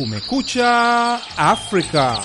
Kumekucha Afrika.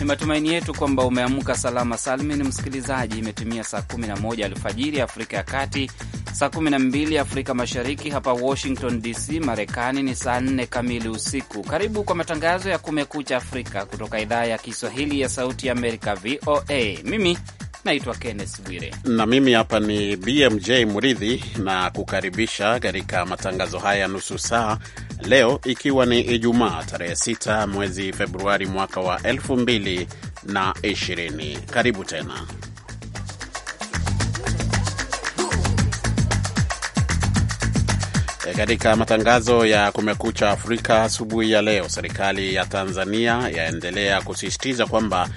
Ni matumaini yetu kwamba umeamka salama salmin, msikilizaji. Imetumia saa 11 alfajiri Afrika ya Kati, saa 12 Afrika Mashariki. Hapa Washington DC, Marekani ni saa 4 kamili usiku. Karibu kwa matangazo ya Kumekucha Afrika kutoka idhaa ya Kiswahili ya Sauti ya Amerika, VOA. Mimi Naitwa Kenneth Bwire na mimi hapa ni BMJ mridhi na kukaribisha katika matangazo haya nusu saa leo, ikiwa ni Ijumaa tarehe 6 mwezi Februari mwaka wa 2020. Karibu tena e, Katika matangazo ya Kumekucha Afrika asubuhi ya leo, serikali ya Tanzania yaendelea kusisitiza kwamba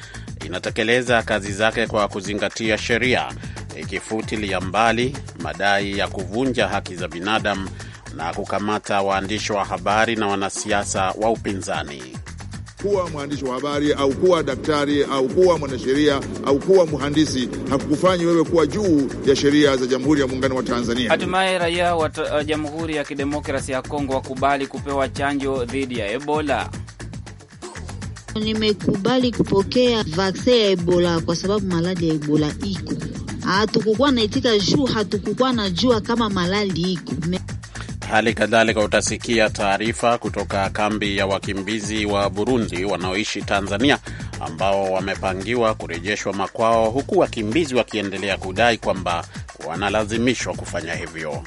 inatekeleza kazi zake kwa kuzingatia sheria, ikifutilia mbali madai ya kuvunja haki za binadamu na kukamata waandishi wa habari na wanasiasa wa upinzani. Kuwa mwandishi wa habari au kuwa daktari au kuwa mwanasheria au kuwa mhandisi hakukufanyi wewe kuwa juu ya sheria za Jamhuri ya Muungano wa Tanzania. Hatimaye raia wa Jamhuri ya Kidemokrasi ya Kongo wakubali kupewa chanjo dhidi ya Ebola. Nimekubali kupokea vaksin ya Ebola kwa sababu maradhi ya Ebola iko, hatukukuwa naitika juu hatukukuwa na jua kama maladi iko. Hali kadhalika utasikia taarifa kutoka kambi ya wakimbizi wa Burundi wanaoishi Tanzania ambao wamepangiwa kurejeshwa makwao, huku wakimbizi wakiendelea kudai kwamba wanalazimishwa kufanya hivyo.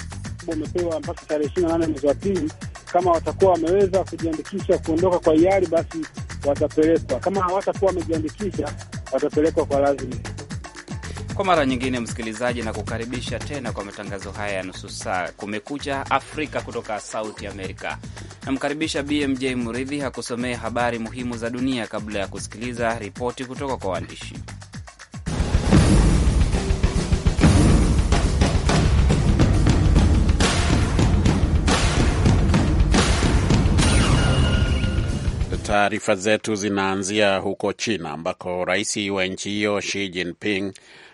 Wamepewa mpaka tarehe ishirini na nane mwezi wa pili, kama watakuwa wameweza kujiandikisha kuondoka kwa hiari, basi watapelekwa, kama hawatakuwa wamejiandikisha watapelekwa kwa lazima. Kwa mara nyingine, msikilizaji, na kukaribisha tena kwa matangazo haya ya nusu saa Kumekucha Afrika kutoka Sauti Amerika. Namkaribisha BMJ Muridhi akusomee habari muhimu za dunia kabla ya kusikiliza ripoti kutoka kwa waandishi. Taarifa zetu zinaanzia huko China ambako rais wa nchi hiyo Xi Jinping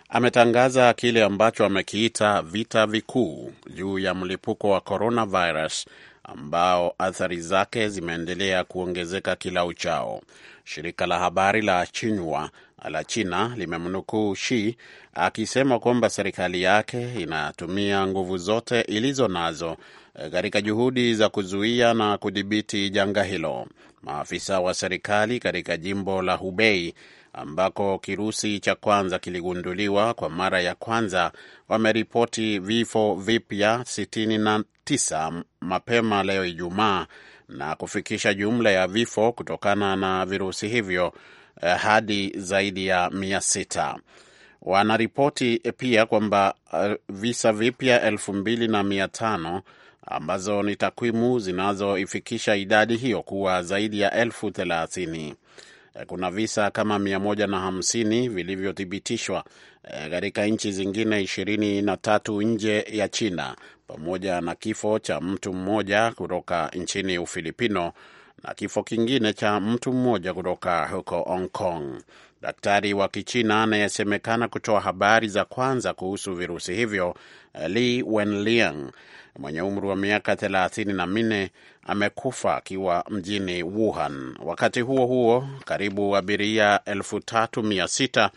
ametangaza kile ambacho amekiita vita vikuu juu ya mlipuko wa coronavirus ambao athari zake zimeendelea kuongezeka kila uchao. Shirika la habari la Xinhua la China limemnukuu Xi akisema kwamba serikali yake inatumia nguvu zote ilizo nazo eh, katika juhudi za kuzuia na kudhibiti janga hilo. Maafisa wa serikali katika jimbo la Hubei ambako kirusi cha kwanza kiligunduliwa kwa mara ya kwanza wameripoti vifo vipya 69 mapema leo Ijumaa na kufikisha jumla ya vifo kutokana na virusi hivyo eh, hadi zaidi ya mia sita. Wanaripoti pia kwamba eh, visa vipya elfu mbili na mia tano ambazo ni takwimu zinazoifikisha idadi hiyo kuwa zaidi ya elfu thelathini. Kuna visa kama hamsini vilivyothibitishwa eh, katika nchi zingine na tatu nje ya China, pamoja na kifo cha mtu mmoja kutoka nchini Ufilipino na kifo kingine cha mtu mmoja kutoka huko Hong Kong. Daktari wa Kichina anayesemekana kutoa habari za kwanza kuhusu virusi hivyo, Li Wenliang mwenye umri wa miaka thelathini na minne amekufa akiwa mjini Wuhan. Wakati huo huo, karibu abiria elfu tatu mia sita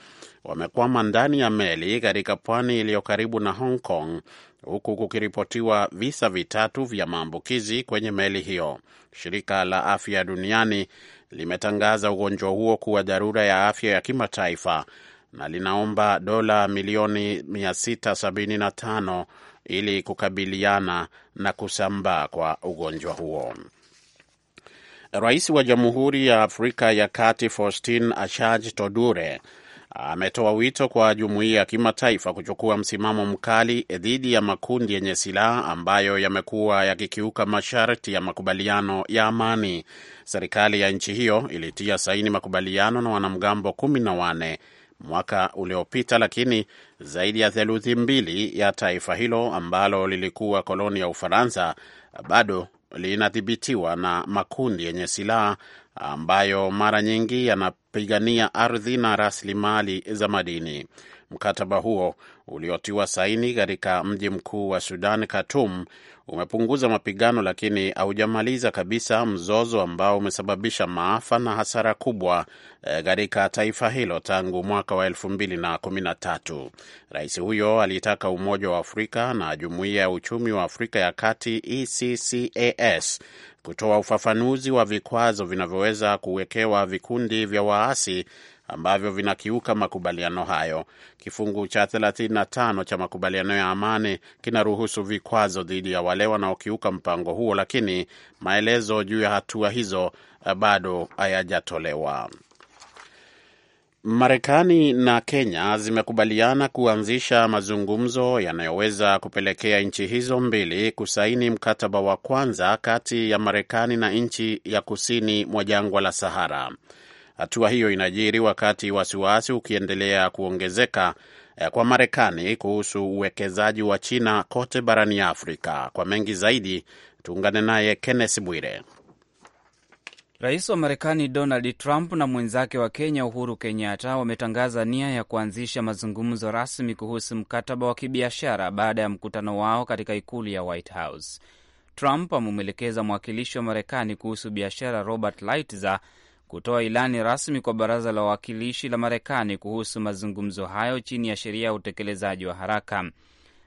wamekwama ndani ya meli katika pwani iliyo karibu na Hong Kong huku kukiripotiwa visa vitatu vya maambukizi kwenye meli hiyo. Shirika la Afya Duniani limetangaza ugonjwa huo kuwa dharura ya afya ya kimataifa na linaomba dola milioni 675 ili kukabiliana na kusambaa kwa ugonjwa huo. Rais wa Jamhuri ya Afrika ya Kati Faustin Ashaj Todure ametoa wito kwa jumuiya ya kimataifa kuchukua msimamo mkali dhidi ya makundi yenye silaha ambayo yamekuwa yakikiuka masharti ya makubaliano ya amani. Serikali ya nchi hiyo ilitia saini makubaliano na wanamgambo kumi na wane mwaka uliopita, lakini zaidi ya theluthi mbili ya taifa hilo ambalo lilikuwa koloni ya Ufaransa bado linadhibitiwa na makundi yenye silaha ambayo mara nyingi yanapigania ardhi na rasilimali za madini. Mkataba huo uliotiwa saini katika mji mkuu wa Sudan, Khartoum, umepunguza mapigano, lakini haujamaliza kabisa mzozo ambao umesababisha maafa na hasara kubwa e, katika taifa hilo tangu mwaka wa elfu mbili na kumi na tatu. Rais huyo alitaka Umoja wa Afrika na Jumuiya ya Uchumi wa Afrika ya Kati ECCAS kutoa ufafanuzi wa vikwazo vinavyoweza kuwekewa vikundi vya waasi ambavyo vinakiuka makubaliano hayo. Kifungu cha 35 cha makubaliano ya amani kinaruhusu vikwazo dhidi ya wale wanaokiuka mpango huo, lakini maelezo juu ya hatua hizo eh, bado hayajatolewa. Marekani na Kenya zimekubaliana kuanzisha mazungumzo yanayoweza kupelekea nchi hizo mbili kusaini mkataba wa kwanza kati ya Marekani na nchi ya kusini mwa jangwa la Sahara. Hatua hiyo inajiri wakati wasiwasi ukiendelea kuongezeka eh, kwa Marekani kuhusu uwekezaji wa China kote barani Afrika. Kwa mengi zaidi, tuungane naye Kenneth Bwire. Rais wa Marekani Donald Trump na mwenzake wa Kenya Uhuru Kenyatta wametangaza nia ya kuanzisha mazungumzo rasmi kuhusu mkataba wa kibiashara baada ya mkutano wao katika ikulu ya White House. Trump amemwelekeza mwakilishi wa Marekani kuhusu biashara Robert Lighthizer kutoa ilani rasmi kwa baraza la wawakilishi la Marekani kuhusu mazungumzo hayo chini ya sheria ya utekelezaji wa haraka.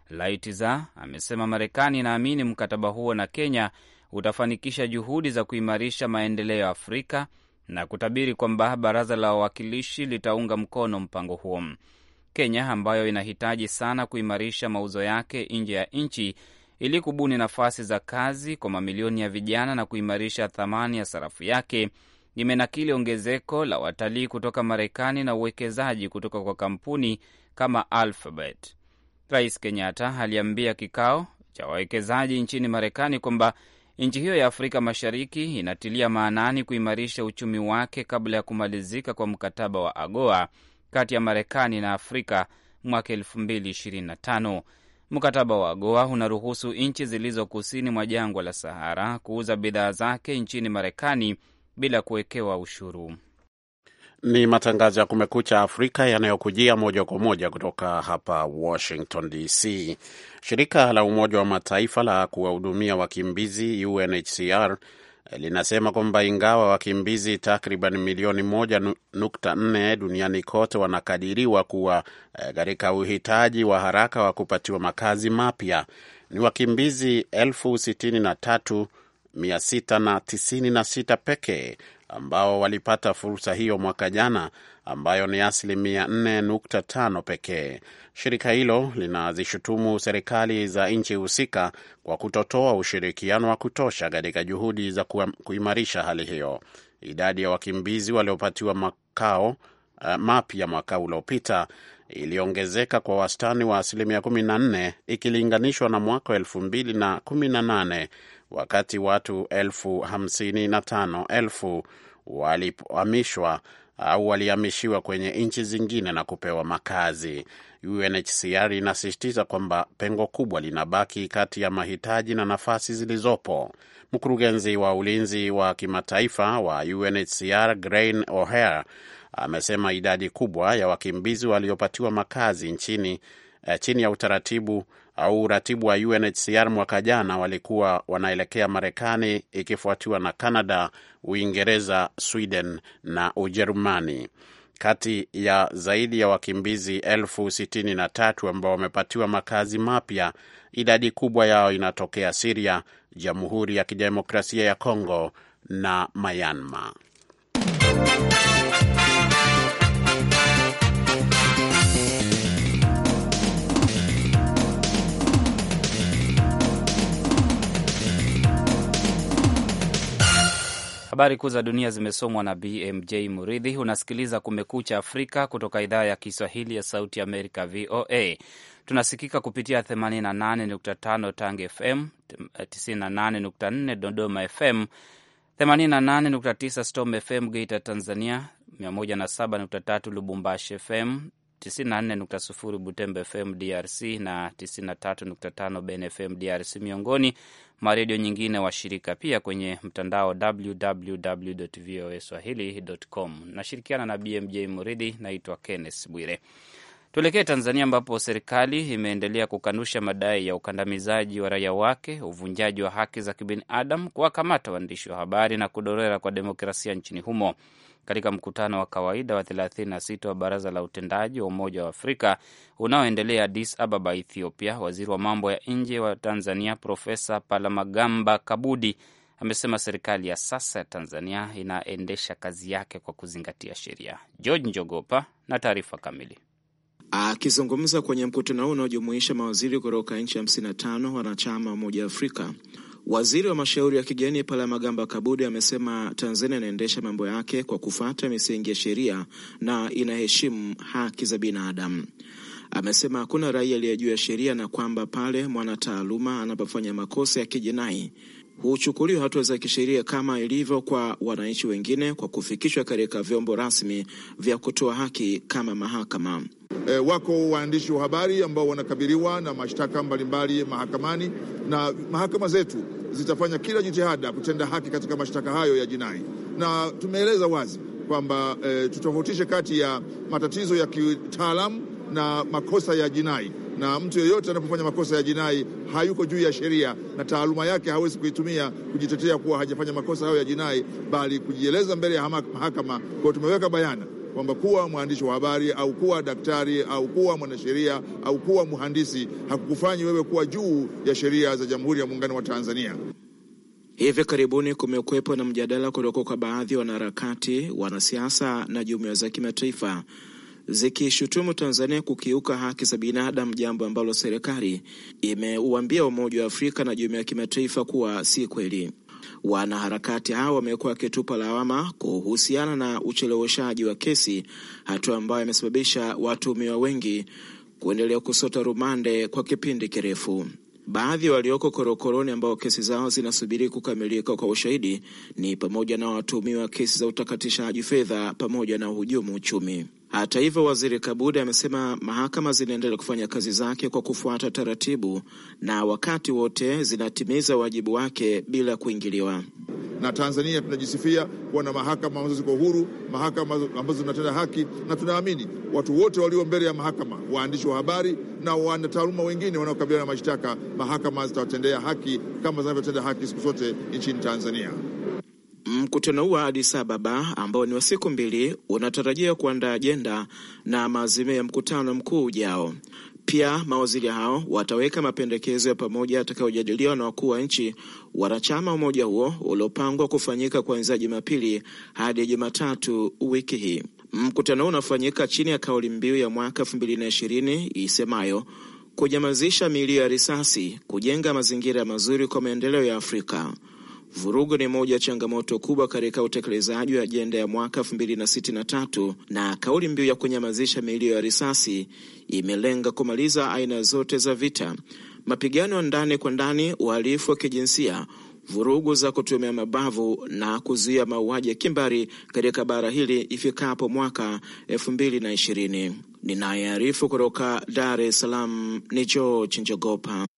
Laitiza amesema Marekani inaamini mkataba huo na Kenya utafanikisha juhudi za kuimarisha maendeleo ya Afrika na kutabiri kwamba baraza la wawakilishi litaunga mkono mpango huo. Kenya ambayo inahitaji sana kuimarisha mauzo yake nje ya nchi ili kubuni nafasi za kazi kwa mamilioni ya vijana na kuimarisha thamani ya sarafu yake limenakili ongezeko la watalii kutoka Marekani na uwekezaji kutoka kwa kampuni kama Alphabet. Rais Kenyatta aliambia kikao cha wawekezaji nchini Marekani kwamba nchi hiyo ya Afrika Mashariki inatilia maanani kuimarisha uchumi wake kabla ya kumalizika kwa mkataba wa AGOA kati ya Marekani na Afrika mwaka 2025. Mkataba wa AGOA unaruhusu nchi zilizo kusini mwa jangwa la Sahara kuuza bidhaa zake nchini Marekani bila kuwekewa ushuru. Ni matangazo ya Kumekucha Afrika yanayokujia moja kwa moja kutoka hapa Washington DC. Shirika la Umoja wa Mataifa la kuwahudumia wakimbizi UNHCR linasema kwamba ingawa wakimbizi takriban milioni moja nukta nne duniani kote wanakadiriwa kuwa eh, katika uhitaji wa haraka wa kupatiwa makazi mapya, ni wakimbizi elfu sitini na tatu 696 pekee ambao walipata fursa hiyo mwaka jana, ambayo ni asilimia 4.5 pekee. Shirika hilo linazishutumu serikali za nchi husika kwa kutotoa ushirikiano wa kutosha katika juhudi za kuimarisha hali hiyo. Idadi ya wakimbizi waliopatiwa makao uh, mapya mwaka uliopita iliongezeka kwa wastani wa asilimia 14 ikilinganishwa na mwaka wa 2018 wakati watu elfu hamsini na tano elfu walihamishwa au walihamishiwa kwenye nchi zingine na kupewa makazi. UNHCR inasisitiza kwamba pengo kubwa linabaki kati ya mahitaji na nafasi zilizopo. Mkurugenzi wa ulinzi wa kimataifa wa UNHCR Grain O'Hare amesema idadi kubwa ya wakimbizi waliopatiwa makazi nchini eh, chini ya utaratibu au uratibu wa UNHCR mwaka jana walikuwa wanaelekea Marekani, ikifuatiwa na Canada, Uingereza, Sweden na Ujerumani. Kati ya zaidi ya wakimbizi elfu sitini na tatu ambao wamepatiwa makazi mapya, idadi kubwa yao inatokea Siria, Jamhuri ya Kidemokrasia ya Kongo na Myanmar. Habari kuu za dunia zimesomwa na BMJ Muridhi. Unasikiliza Kumekucha Afrika kutoka idhaa ya Kiswahili ya Sauti Amerika, VOA. Tunasikika kupitia 88.5 Tange FM, 98.4 Dodoma FM, 88.9 Storm FM Geita Tanzania, 107.3 Lubumbashi FM, 94.0 Butembe FM DRC na 93.5 Ben FM DRC, miongoni mwa redio nyingine washirika, pia kwenye mtandao www voa swahili.com. Nashirikiana na BMJ Muridhi, naitwa Kenneth Bwire. Tuelekee Tanzania ambapo serikali imeendelea kukanusha madai ya ukandamizaji wa raia wake, uvunjaji wa haki za kibinadamu, kuwakamata waandishi wa habari na kudorora kwa demokrasia nchini humo katika mkutano wa kawaida wa 36 wa baraza la utendaji wa Umoja wa Afrika unaoendelea Addis Ababa, Ethiopia. Waziri wa mambo ya nje wa Tanzania Profesa Palamagamba Kabudi amesema serikali ya sasa ya Tanzania inaendesha kazi yake kwa kuzingatia sheria. George Njogopa na taarifa kamili. Akizungumza kwenye mkutano huu unaojumuisha mawaziri kutoka nchi 55 wanachama wa Umoja wa Afrika, Waziri wa mashauri ya kigeni Palamagamba Kabudi amesema Tanzania inaendesha mambo yake kwa kufuata misingi ya sheria na inaheshimu haki za binadamu. Amesema hakuna raia aliye juu ya sheria na kwamba pale mwanataaluma anapofanya makosa ya kijinai huchukuliwa hatua za kisheria kama ilivyo kwa wananchi wengine kwa kufikishwa katika vyombo rasmi vya kutoa haki kama mahakama. E, wako waandishi wa habari ambao wanakabiliwa na mashtaka mbalimbali mahakamani na mahakama zetu zitafanya kila jitihada kutenda haki katika mashtaka hayo ya jinai, na tumeeleza wazi kwamba e, tutofautishe kati ya matatizo ya kitaalamu na makosa ya jinai, na mtu yeyote anapofanya makosa ya jinai hayuko juu ya sheria na taaluma yake hawezi kuitumia kujitetea kuwa hajafanya makosa hayo ya jinai, bali kujieleza mbele ya mahakama. Kwao tumeweka bayana kwamba kuwa mwandishi wa habari au kuwa daktari au kuwa mwanasheria au kuwa mhandisi hakukufanyi wewe kuwa juu ya sheria za Jamhuri ya Muungano wa Tanzania. Hivi karibuni kumekuwepo na mjadala kutoka kwa baadhi ya wanaharakati, wanasiasa na jumuiya za kimataifa zikishutumu Tanzania kukiuka haki za binadamu, jambo ambalo serikali imeuambia Umoja wa Afrika na jumuiya ya kimataifa kuwa si kweli. Wanaharakati hao wamekuwa wakitupa lawama kuhusiana na ucheleweshaji wa kesi, hatua ambayo imesababisha watuhumiwa wengi kuendelea kusota rumande kwa kipindi kirefu. Baadhi walioko korokoroni ambao kesi zao zinasubiri kukamilika kwa ushahidi ni pamoja na watuhumiwa kesi za utakatishaji fedha pamoja na uhujumu uchumi. Hata hivyo, waziri Kabudi amesema mahakama zinaendelea kufanya kazi zake kwa kufuata taratibu na wakati wote zinatimiza wajibu wake bila kuingiliwa. Na Tanzania tunajisifia kuwa na mahakama ambazo ziko huru, mahakama ambazo zinatenda haki, na tunaamini watu wote walio mbele ya mahakama, waandishi wa habari na wanataaluma wengine wanaokabiliana na mashtaka, mahakama zitawatendea haki kama zinavyotenda haki siku zote nchini Tanzania. Mkutano huu wa adis Ababa ambao ni wa siku mbili unatarajia kuandaa ajenda na maazimio ya mkutano mkuu ujao. Pia mawaziri hao wataweka mapendekezo ya pamoja yatakayojadiliwa na wakuu wa nchi wanachama umoja huo uliopangwa kufanyika kuanzia Jumapili hadi Jumatatu wiki hii. Mkutano huu unafanyika chini ya kauli mbiu ya mwaka ishirini isemayo kunyamazisha milio ya risasi, kujenga mazingira mazuri kwa maendeleo ya Afrika. Vurugu ni moja ya changamoto kubwa katika utekelezaji wa ajenda ya mwaka mbili na kauli mbiu ya kunyamazisha milio ya risasi imelenga kumaliza aina zote za vita, mapigano ya ndani kwa ndani, uhalifu wa kijinsia, vurugu za kutumia mabavu na kuzuia mauaji ya kimbari katika bara hili ifikapo mwaka 2020. Ninayearifu kutoka Dar es Salaam ni George Njogopa.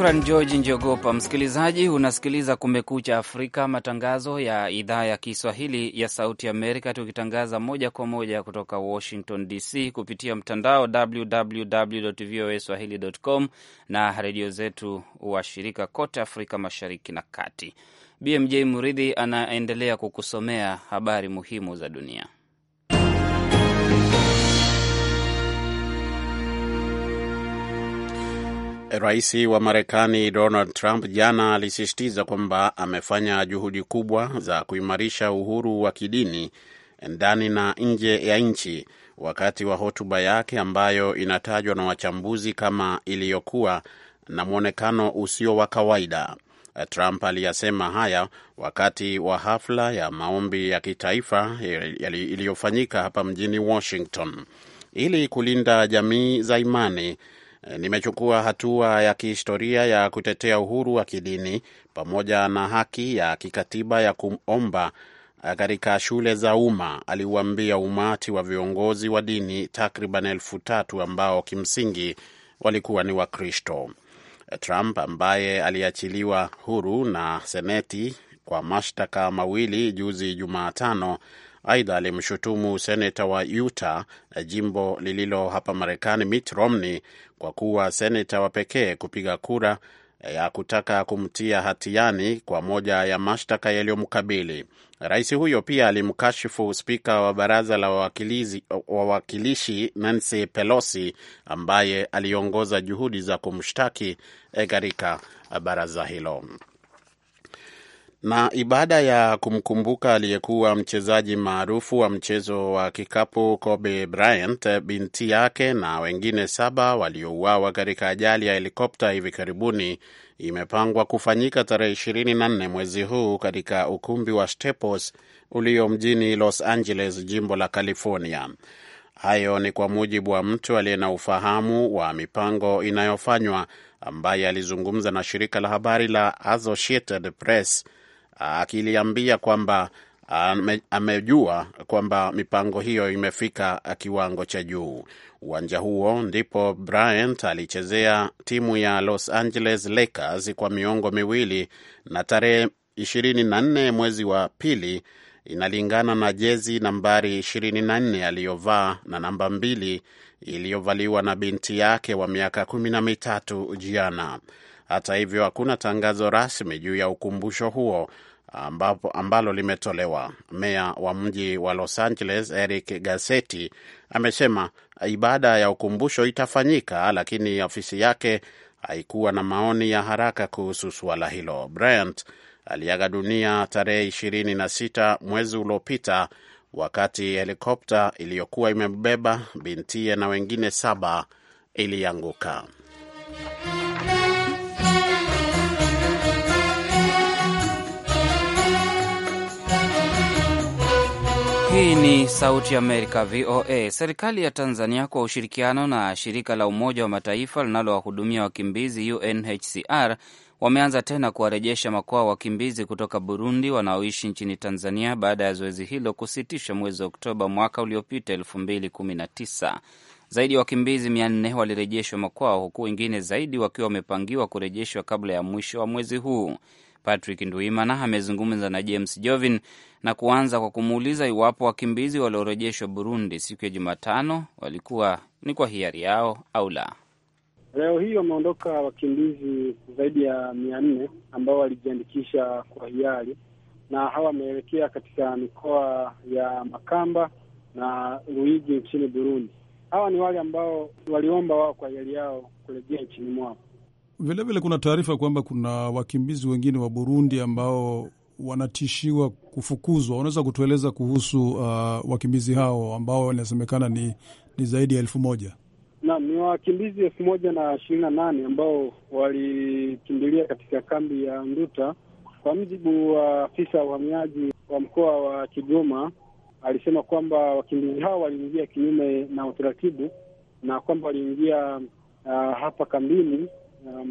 Shukran George Njogopa. Msikilizaji, unasikiliza Kumekucha Afrika, matangazo ya idhaa ya Kiswahili ya Sauti Amerika, tukitangaza moja kwa moja kutoka Washington DC kupitia mtandao www voa swahili.com na redio zetu washirika kote Afrika Mashariki na Kati. BMJ Muridhi anaendelea kukusomea habari muhimu za dunia. Rais wa Marekani Donald Trump jana alisisitiza kwamba amefanya juhudi kubwa za kuimarisha uhuru wa kidini ndani na nje ya nchi wakati wa hotuba yake ambayo inatajwa na wachambuzi kama iliyokuwa na mwonekano usio wa kawaida. Trump aliyasema haya wakati wa hafla ya maombi ya kitaifa iliyofanyika hapa mjini Washington. Ili kulinda jamii za imani nimechukua hatua ya kihistoria ya kutetea uhuru wa kidini pamoja na haki ya kikatiba ya kuomba eh, katika shule za umma, aliuambia umati wa viongozi wa dini takriban elfu tatu ambao kimsingi walikuwa ni Wakristo. Trump ambaye aliachiliwa huru na Seneti kwa mashtaka mawili juzi Jumatano Aidha, alimshutumu seneta wa Utah, eh, jimbo lililo hapa Marekani, Mitt Romney kwa kuwa seneta wa pekee kupiga kura eh, ya kutaka kumtia hatiani kwa moja ya mashtaka yaliyomkabili. Rais huyo pia alimkashifu spika wa baraza la wawakilishi Nancy Pelosi ambaye aliongoza juhudi za kumshtaki eh, katika baraza hilo. Na ibada ya kumkumbuka aliyekuwa mchezaji maarufu wa mchezo wa kikapu Kobe Bryant, binti yake na wengine saba waliouawa katika ajali ya helikopta hivi karibuni imepangwa kufanyika tarehe nne mwezi huu katika ukumbi wa Staples ulio mjini Los Angeles, jimbo la California. Hayo ni kwa mujibu wa mtu aliye na ufahamu wa mipango inayofanywa ambaye alizungumza na shirika la habari la Associated Press akiliambia kwamba amejua kwamba mipango hiyo imefika kiwango cha juu. Uwanja huo ndipo Bryant alichezea timu ya Los Angeles Lakers kwa miongo miwili na tarehe 24 mwezi wa pili inalingana na jezi nambari 24 aliyovaa na namba mbili iliyovaliwa na binti yake wa miaka kumi na mitatu Gianna. Hata hivyo hakuna tangazo rasmi juu ya ukumbusho huo ambapo, ambalo limetolewa. Meya wa mji wa Los Angeles Eric Garcetti amesema ibada ya ukumbusho itafanyika, lakini ofisi yake haikuwa na maoni ya haraka kuhusu suala hilo. Bryant aliaga dunia tarehe ishirini na sita mwezi uliopita wakati helikopta iliyokuwa imebeba bintie na wengine saba ilianguka. Hii ni Sauti Amerika, VOA. Serikali ya Tanzania kwa ushirikiano na shirika la Umoja wa Mataifa linalowahudumia wakimbizi UNHCR wameanza tena kuwarejesha makwao wakimbizi kutoka Burundi wanaoishi nchini Tanzania baada ya zoezi hilo kusitishwa mwezi Oktoba mwaka uliopita 2019. Zaidi ya wakimbizi 400 walirejeshwa makwao, huku wengine zaidi wakiwa wamepangiwa kurejeshwa kabla ya mwisho wa mwezi huu. Patrick Nduimana amezungumza na James Jovin na kuanza kwa kumuuliza iwapo wakimbizi waliorejeshwa Burundi siku ya Jumatano walikuwa ni kwa hiari yao au la. Leo hii wameondoka wakimbizi zaidi ya mia nne ambao walijiandikisha kwa hiari na hawa wameelekea katika mikoa ya Makamba na Ruigi nchini Burundi. Hawa ni wale ambao waliomba wao kwa hiari yao kurejea nchini mwao. Vilevile vile kuna taarifa kwamba kuna wakimbizi wengine wa Burundi ambao wanatishiwa kufukuzwa. Unaweza kutueleza kuhusu uh, wakimbizi hao ambao inasemekana ni, ni zaidi ya elfu moja? Naam, ni wakimbizi elfu moja na ishirini na nane ambao walikimbilia katika kambi ya Nduta. Kwa mjibu wa afisa wa uhamiaji wa mkoa wa Kigoma, alisema kwamba wakimbizi hao waliingia kinyume na utaratibu na kwamba waliingia uh, hapa kambini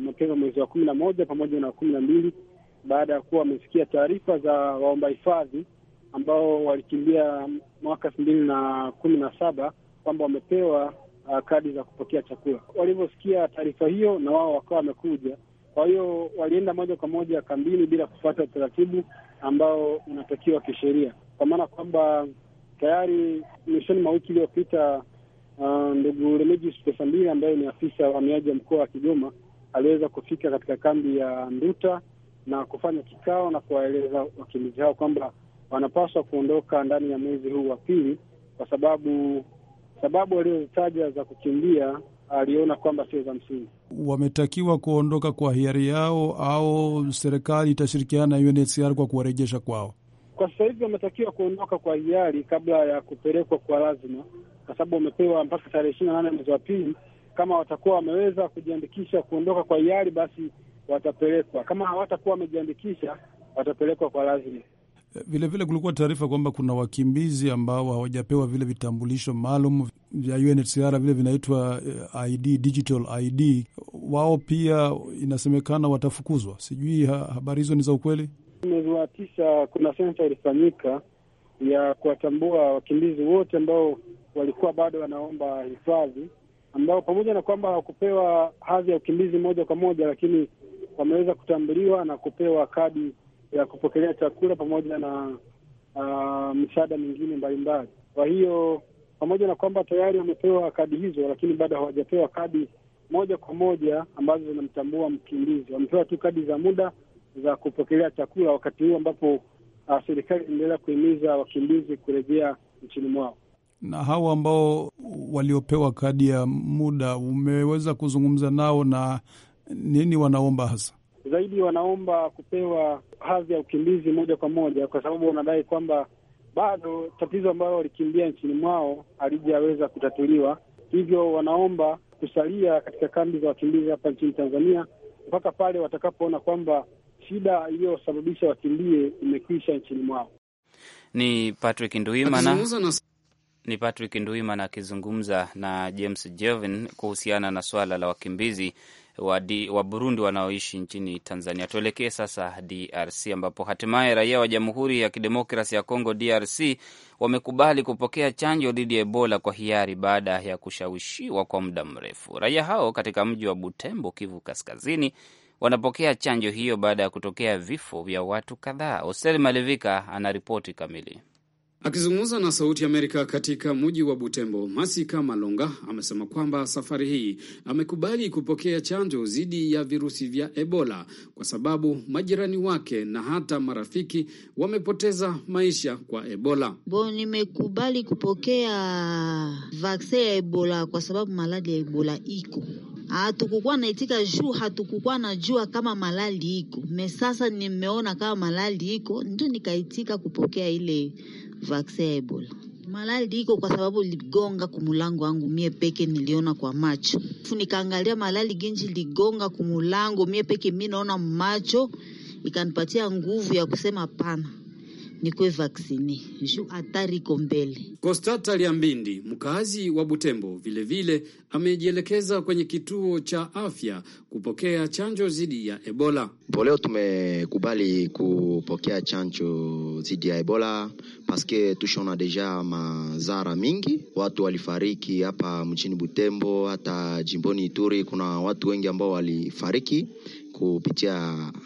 mapema mwezi wa kumi na moja pamoja na kumi na mbili baada ya kuwa wamesikia taarifa za waomba hifadhi ambao walikimbia mwaka elfu mbili na kumi na saba kwamba wamepewa uh, kadi za kupokea chakula. Walivyosikia taarifa hiyo, na wao wakawa wamekuja. Kwa hiyo walienda moja kwa moja kambini bila kufuata utaratibu ambao unatakiwa kisheria, kwa maana kwamba tayari mwishoni mwa wiki iliyopita uh, ndugu uh, Remedius Pesa Mbili ambaye ni afisa wa uhamiaji wa mkoa wa Kigoma aliweza kufika katika kambi ya Nduta na kufanya kikao na kuwaeleza wakimbizi hao kwamba wanapaswa kuondoka ndani ya mwezi huu wa pili, kwa sababu sababu aliyozitaja za kukimbia aliona kwamba sio za msingi. Wametakiwa kuondoka kwa hiari yao au serikali itashirikiana na UNHCR kwa kuwarejesha kwao? Kwa sasa hivi wametakiwa kuondoka kwa hiari kabla ya kupelekwa kwa lazima, kwa sababu wamepewa mpaka tarehe ishirini na nane mwezi wa pili kama watakuwa wameweza kujiandikisha kuondoka kwa hiari, basi watapelekwa. Kama hawatakuwa wamejiandikisha, watapelekwa kwa lazima. Vilevile kulikuwa taarifa kwamba kuna wakimbizi ambao hawajapewa vile vitambulisho maalum vya UNHCR vile vinaitwa eh, ID, digital ID. Wao pia inasemekana watafukuzwa. Sijui habari hizo ni za ukweli. Mwezi wa tisa kuna sensa ilifanyika ya kuwatambua wakimbizi wote ambao walikuwa bado wanaomba hifadhi ambao pamoja na kwamba hawakupewa hadhi ya ukimbizi moja kwa moja, lakini wameweza kutambuliwa na kupewa kadi ya kupokelea chakula pamoja na uh, ah, misaada mingine mbalimbali. Kwa hiyo pamoja na kwamba tayari wamepewa kadi hizo, lakini bado hawajapewa kadi moja kwa moja ambazo zinamtambua mkimbizi. Wamepewa tu kadi za muda za kupokelea chakula, wakati huu ambapo uh, serikali inaendelea kuhimiza wakimbizi kurejea nchini mwao. Na hawa ambao waliopewa kadi ya muda, umeweza kuzungumza nao na nini wanaomba hasa? Zaidi wanaomba kupewa hadhi ya ukimbizi moja kwa moja, kwa sababu wanadai kwamba bado tatizo ambalo walikimbia nchini mwao halijaweza kutatuliwa, hivyo wanaomba kusalia katika kambi za wakimbizi hapa nchini Tanzania mpaka pale watakapoona kwamba shida iliyosababisha wakimbie imekwisha nchini mwao. Ni Patrick Nduimana ni Patrick Nduimana akizungumza na James Jevin kuhusiana na swala la wakimbizi wa, di, wa Burundi wanaoishi nchini Tanzania. Tuelekee sasa DRC ambapo hatimaye raia wa Jamhuri ya Kidemokrasi ya Kongo DRC wamekubali kupokea chanjo dhidi ya Ebola kwa hiari baada ya kushawishiwa kwa muda mrefu. Raia hao katika mji wa Butembo, Kivu Kaskazini, wanapokea chanjo hiyo baada ya kutokea vifo vya watu kadhaa. Hostel Malivika anaripoti kamili. Akizungumza na Sauti Amerika katika mji wa Butembo, Masika Malonga amesema kwamba safari hii amekubali kupokea chanjo dhidi ya virusi vya Ebola kwa sababu majirani wake na hata marafiki wamepoteza maisha kwa Ebola. Bo, nimekubali kupokea vaksin ya Ebola kwa sababu maradhi ya Ebola iko Ah, hatukukuwa naitika juu hatukukuwa najua kama malali iko me, sasa nimeona kama malali iko ndio nikaitika kupokea ile vaccine ya Ebola. Malali iko kwa sababu ligonga kumulango wangu mie peke, niliona kwa macho fu, nikaangalia malali genji ligonga kumulango mie peke, mi naona macho, ikanipatia nguvu ya kusema pana ni kwe vaksini juu hatari iko mbele. Kostata Liambindi, mkazi wa Butembo, vilevile amejielekeza kwenye kituo cha afya kupokea chanjo dhidi ya Ebola. Poleo tumekubali kupokea chanjo dhidi ya Ebola paske tushona deja mazara mingi, watu walifariki hapa mchini Butembo, hata jimboni Ituri kuna watu wengi ambao walifariki kupitia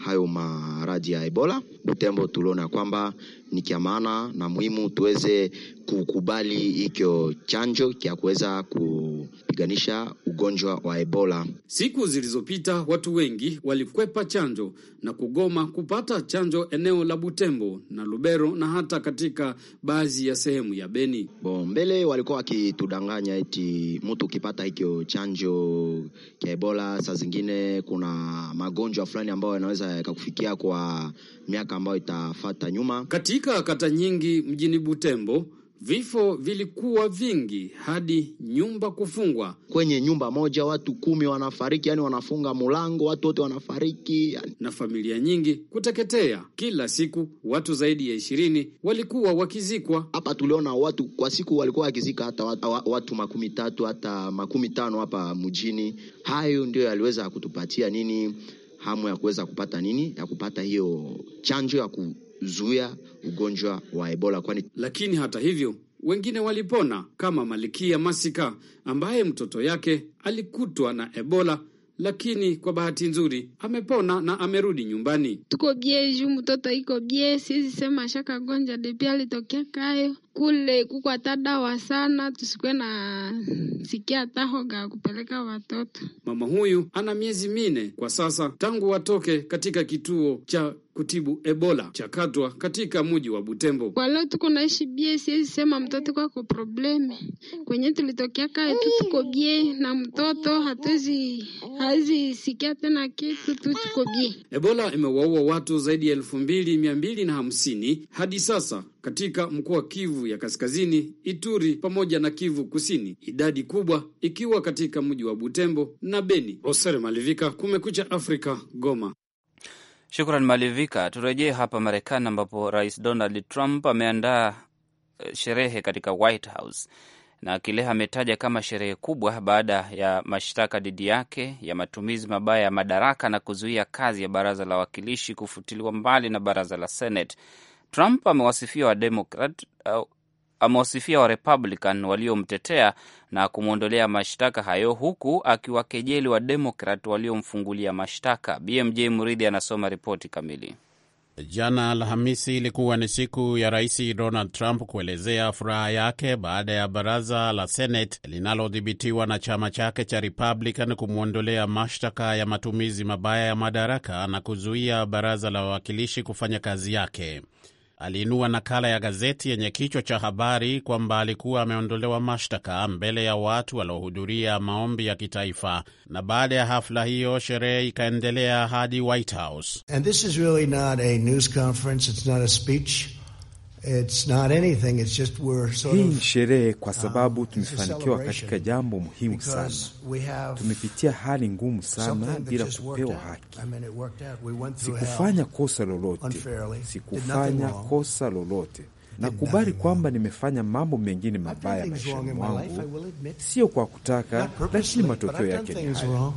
hayo maradhi ya Ebola. Butembo tuliona kwamba ni kia maana na muhimu tuweze kukubali hikyo chanjo kia kuweza kupiganisha ugonjwa wa Ebola. Siku zilizopita watu wengi walikwepa chanjo na kugoma kupata chanjo eneo la Butembo na Lubero na hata katika baadhi ya sehemu ya Beni. Bo, mbele walikuwa wakitudanganya eti mtu ukipata hikyo chanjo kya Ebola saa zingine kuna magonjwa magonjwa fulani ambayo yanaweza yakakufikia kwa miaka ambayo itafata nyuma. Katika kata nyingi mjini Butembo vifo vilikuwa vingi hadi nyumba kufungwa. Kwenye nyumba moja watu kumi wanafariki, yani wanafunga mulango watu wote wanafariki yani. Na familia nyingi kuteketea. Kila siku watu zaidi ya ishirini walikuwa wakizikwa. Hapa tuliona watu kwa siku walikuwa wakizika hata watu, watu makumi tatu hata makumi tano hapa mjini. Hayo ndio yaliweza kutupatia nini hamu ya kuweza kupata nini, ya kupata hiyo chanjo ya kuzuia ugonjwa wa Ebola kwani. Lakini hata hivyo wengine walipona kama Malikia Masika ambaye mtoto yake alikutwa na Ebola lakini kwa bahati nzuri amepona na amerudi nyumbani. Tuko bie juu mtoto iko bie, siwezi sema shaka gonja depia alitokea kayo kule dawa sana tusikuwe na sikia taho ga kupeleka watoto. Mama huyu ana miezi mine kwa sasa tangu watoke katika kituo cha kutibu Ebola chakatwa katika muji wa Butembo. Kwa leo tuko naishi bie, siwezi sema mtoto kwako probleme kwenye tulitokea kae tu tuko bie na mtoto hatuzi hazi sikia tena kitu tu tuko bie. Ebola imewaua watu zaidi ya elfu mbili mia mbili na hamsini hadi sasa katika mkoa wa Kivu ya Kaskazini, Ituri pamoja na Kivu Kusini, idadi kubwa ikiwa katika mji wa Butembo na Beni. Osere Malivika, Kumekucha Afrika, Goma. Shukran Malivika. Turejee hapa Marekani ambapo Rais Donald Trump ameandaa eh, sherehe katika White House na kile ametaja kama sherehe kubwa baada ya mashtaka dhidi yake ya matumizi mabaya ya madaraka na kuzuia kazi ya baraza la wawakilishi kufutiliwa mbali na baraza la Senate. Trump amewasifia Wademokrat amewasifia Warepublican waliomtetea na kumwondolea mashtaka hayo huku akiwakejeli Wademokrat waliomfungulia mashtaka. BMJ Mridhi anasoma ripoti kamili. Jana Alhamisi ilikuwa ni siku ya Rais Donald Trump kuelezea furaha yake baada ya baraza la Senate linalodhibitiwa na chama chake cha Republican kumwondolea mashtaka ya matumizi mabaya ya madaraka na kuzuia baraza la wawakilishi kufanya kazi yake aliinua nakala ya gazeti yenye kichwa cha habari kwamba alikuwa ameondolewa mashtaka mbele ya watu waliohudhuria maombi ya kitaifa, na baada ya hafla hiyo sherehe ikaendelea hadi White House. And this is really not a news conference, it's not a speech. It's not anything, it's just we're sort hii ni sherehe kwa um, sababu tumefanikiwa katika jambo muhimu sana. Tumepitia hali ngumu sana bila kupewa haki. I mean, sikufanya kosa lolote, sikufanya kosa lolote. Nakubali kwamba nimefanya mambo mengine mabaya maishani mwangu, sio kwa kutaka, lakini matokeo yake ni haya.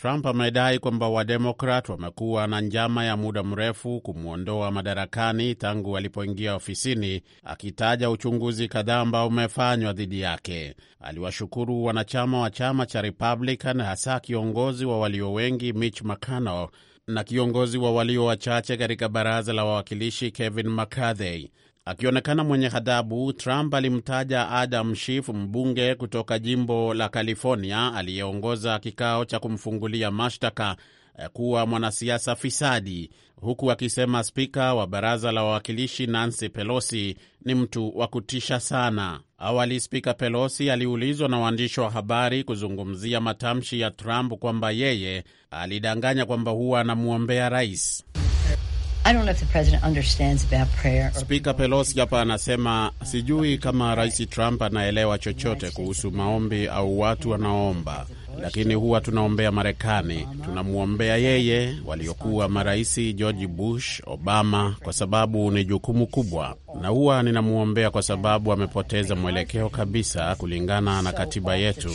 Trump amedai kwamba Wademokrat wamekuwa na njama ya muda mrefu kumwondoa madarakani tangu alipoingia ofisini, akitaja uchunguzi kadhaa ambao umefanywa dhidi yake. Aliwashukuru wanachama wa chama cha Republican, hasa kiongozi wa walio wengi Mitch McConnell na kiongozi wa walio wachache katika baraza la wawakilishi Kevin McCarthy Akionekana mwenye ghadhabu, Trump alimtaja Adam Schiff, mbunge kutoka jimbo la California aliyeongoza kikao cha kumfungulia mashtaka, eh, kuwa mwanasiasa fisadi, huku akisema spika wa baraza la wawakilishi Nancy Pelosi ni mtu wa kutisha sana. Awali spika Pelosi aliulizwa na waandishi wa habari kuzungumzia matamshi ya Trump kwamba yeye alidanganya kwamba huwa anamwombea rais. Spika Pelosi hapa anasema sijui kama Rais Trump anaelewa chochote kuhusu maombi au watu wanaoomba, lakini huwa tunaombea Marekani, tunamwombea yeye, waliokuwa maraisi George Bush, Obama, kwa sababu ni jukumu kubwa, na huwa ninamwombea kwa sababu amepoteza mwelekeo kabisa kulingana na katiba yetu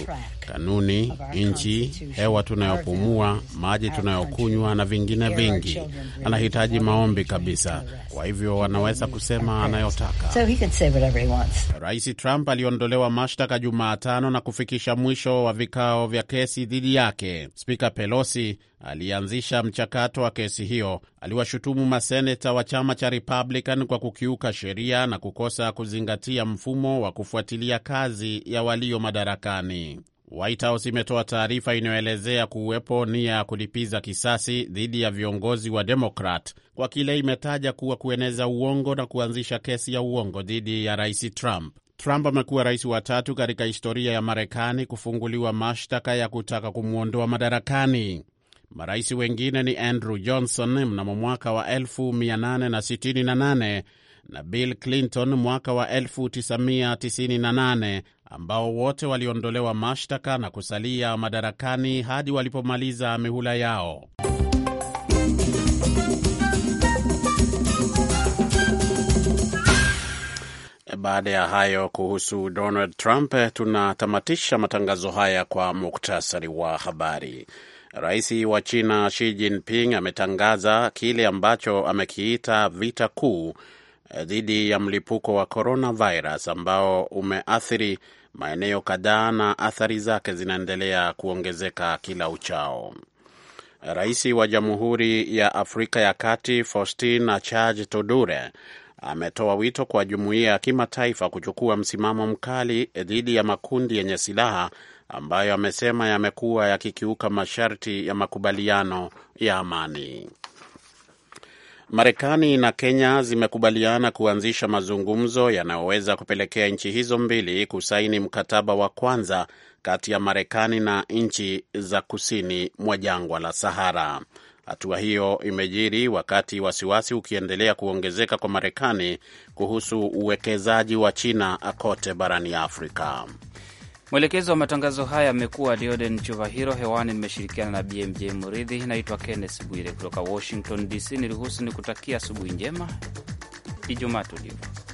kanuni, nchi, hewa tunayopumua, maji tunayokunywa na vingine vingi. Anahitaji maombi kabisa, kwa hivyo wanaweza kusema anayotaka. So Rais Trump aliondolewa mashtaka Jumatano na kufikisha mwisho wa vikao vya kesi dhidi yake. Spika Pelosi alianzisha mchakato wa kesi hiyo. Aliwashutumu maseneta wa chama cha Republican kwa kukiuka sheria na kukosa kuzingatia mfumo wa kufuatilia kazi ya walio madarakani. White House imetoa taarifa inayoelezea kuwepo nia ya kulipiza kisasi dhidi ya viongozi wa Demokrat kwa kile imetaja kuwa kueneza uongo na kuanzisha kesi ya uongo dhidi ya Rais Trump. Trump amekuwa rais wa tatu katika historia ya Marekani kufunguliwa mashtaka ya kutaka kumwondoa madarakani. Marais wengine ni Andrew Johnson mnamo mwaka wa 1868 na Bill Clinton mwaka wa 1998 ambao wote waliondolewa mashtaka na kusalia madarakani hadi walipomaliza mihula yao. Baada ya hayo kuhusu Donald Trump, tunatamatisha matangazo haya kwa muktasari wa habari. Rais wa China Xi Jinping ametangaza kile ambacho amekiita vita kuu eh, dhidi ya mlipuko wa coronavirus ambao umeathiri maeneo kadhaa na athari zake zinaendelea kuongezeka kila uchao. Rais wa Jamhuri ya Afrika ya Kati Faustin Achaj Todure ametoa wito kwa jumuiya ya kimataifa kuchukua msimamo mkali dhidi ya makundi yenye silaha ambayo amesema yamekuwa yakikiuka masharti ya makubaliano ya amani. Marekani na Kenya zimekubaliana kuanzisha mazungumzo yanayoweza kupelekea nchi hizo mbili kusaini mkataba wa kwanza kati ya Marekani na nchi za kusini mwa jangwa la Sahara. Hatua hiyo imejiri wakati wasiwasi ukiendelea kuongezeka kwa Marekani kuhusu uwekezaji wa China kote barani Afrika. Mwelekezi wa matangazo haya amekuwa Dioden Chuvahiro. Hewani nimeshirikiana na BMJ Muridhi. Naitwa Kenneth Bwire kutoka Washington DC. Niruhusu ni kutakia asubuhi njema, Ijumaa tulivu.